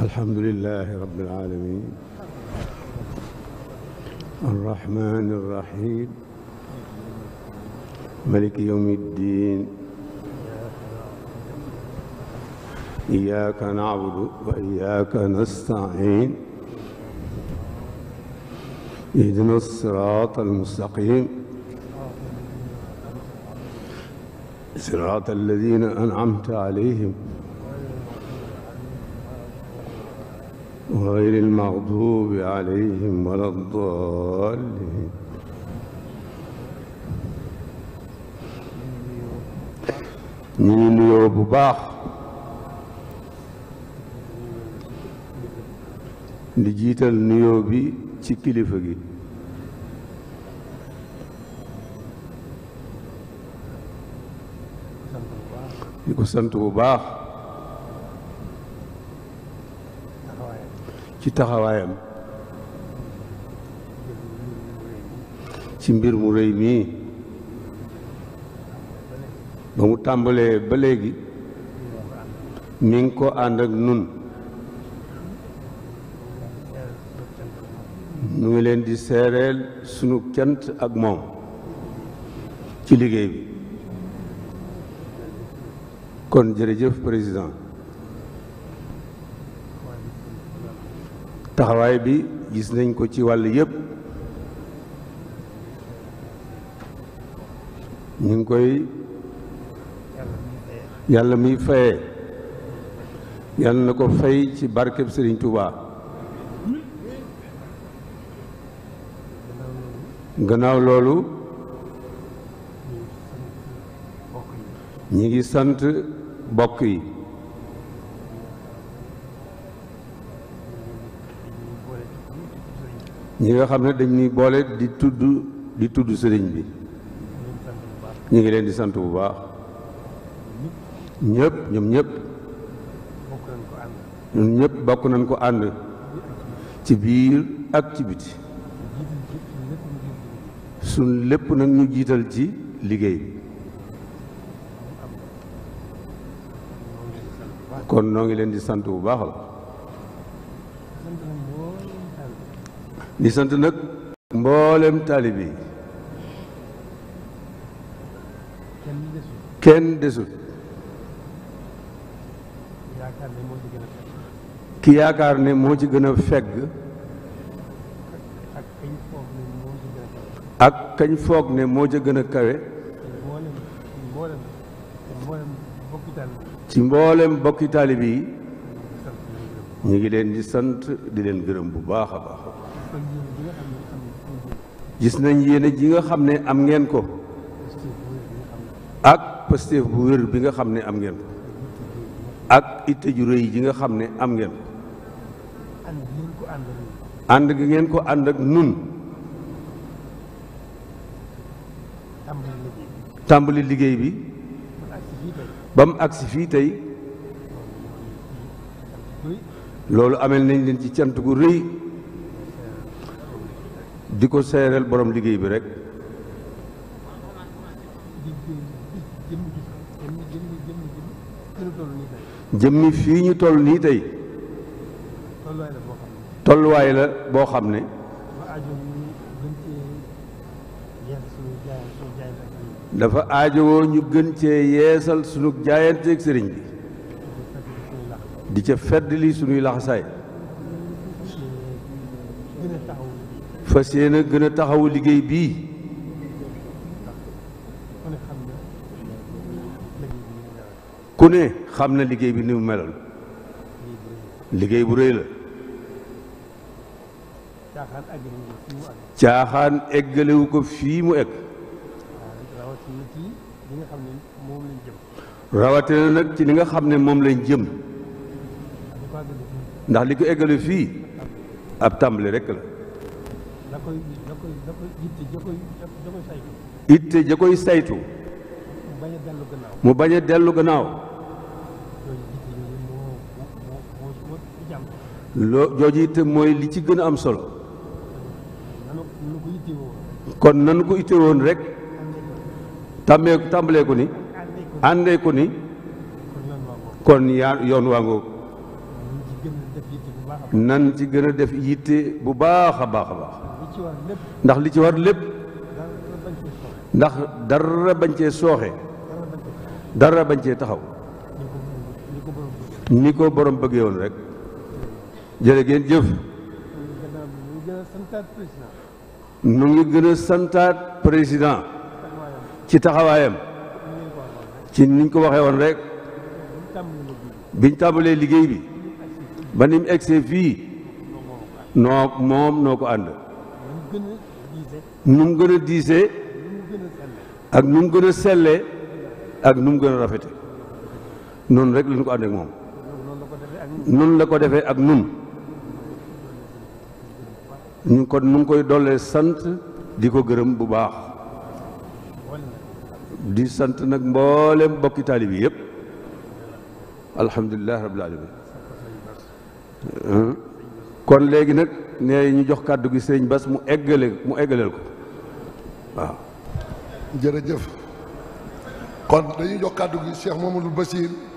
alhamdulilahi rabbil aalamiin arrahmaani rrahiim maaliki yawmi ddiin iyyaaka na'budu wa iyyaaka nasta'iin ihdina s-siraata l-mustaqiim siraata llaziina an'amta alayhim غير المغضوب عليهم ولا الضالين ñu ngi nuyoo bu baax di jiital nuyoo bi ci kilifa gi di ko sant bu baax ci taxawaayam ci mbir mu rëy mii ba mu tàmbalee ba léegi mi ngi ko ànd ak nun ñu ngi leen di seereel sunu kent ak moom ci liggéey bi kon jërëjëf président taxawaay bi gis nañ ko ci wàll yépp ñu ngi koy yàlla muy faye yàlla na ko fay ci barkeb Sëriñ Tuubaa gannaaw loolu ñu ngi sant bokk yi ñi nga xam ne dañ ñuy boole di tudd di tudd sëriñ bi ñu ngi leen di sant bu baax ñëpp ñoom ñëpp ñun ñëpp bokk nañ ko ànd ci biir ak ci biti suñ lépp nag ñu jiital ci liggéey bi kon noo ngi leen di sant bu baax la di sant nag mboolem taalibe yi kenn desul ki yaakaar ne moo ci gën a fegg ak kañ foog ne moo ci gën a kawe ci mboolem bokki taalibe yi ñu ngi leen di sant di leen gërëm bu baax a baax gis nañ yéene ji nga xam ne am ngeen ko ak pastéef bu wér bi nga xam ne am ngeen ko ak itte ju rëy ji nga xam ne am ngeen ko ànd ngeen ko ànd ak nun tàmbali liggéey bi ba mu agsi fii tey loolu amel nañ leen ci cant gu rëy di ko seereel boroom liggéey bi rek jëmmi fii ñu toll nii tey tolluwaay la boo xam ne dafa aajowoo ñu gën cee yeesal sunu jaayanteeg sëriñ bi di ca fedd li suñuy laxasaay fas yéene gën a taxawu liggéey bii ku ne xam na liggéey bi ni mu meloon liggéey bu réy la caaxaan eggalewu ko fii mu egg rawatina nag ci li nga xam ne moom lañ jëm ndax li ko eggale fii ab tàmbali rekk la itte ja koy saytu mu bañ a dellu gannaaw loo jooju itte mooy li ci gën a am solo kon nanu ko itte woon rek tàmmee tàmbalee ni àndeeku ni kon yaa yoon waa ngoog nan ci gën a def yitte bu baax a baax a baax ndax li ci war lépp ndax dara bañ cee sooxe dara bañ cee taxaw ni ko borom bëggee woon rek jërë ngeen jëf nu ngi gën a santaat président ci taxawaayam ci niñ ko waxee woon rek biñ tàmbalee liggéey bi ba ni mu egsee fii noo moom noo ko ànd nu mu gën a diisee ak nu mu gën a sellee ak nu mu gën a rafete noonu rek lañ ko ànd ak moom nun la ko defee ak nun ñu kon nu ngi koy dollee sant di ko gërëm bu baax di sant nag mboolem bokki taalibi yëpp alhamdulilah rabbil alamin kon léegi nag nee ñu jox kàddu gi sëriñ bas mu eggale mu eggaleel ko waaw jërëjëf kon dañuy jox kàddu gi Cheikh Mamadou Bassir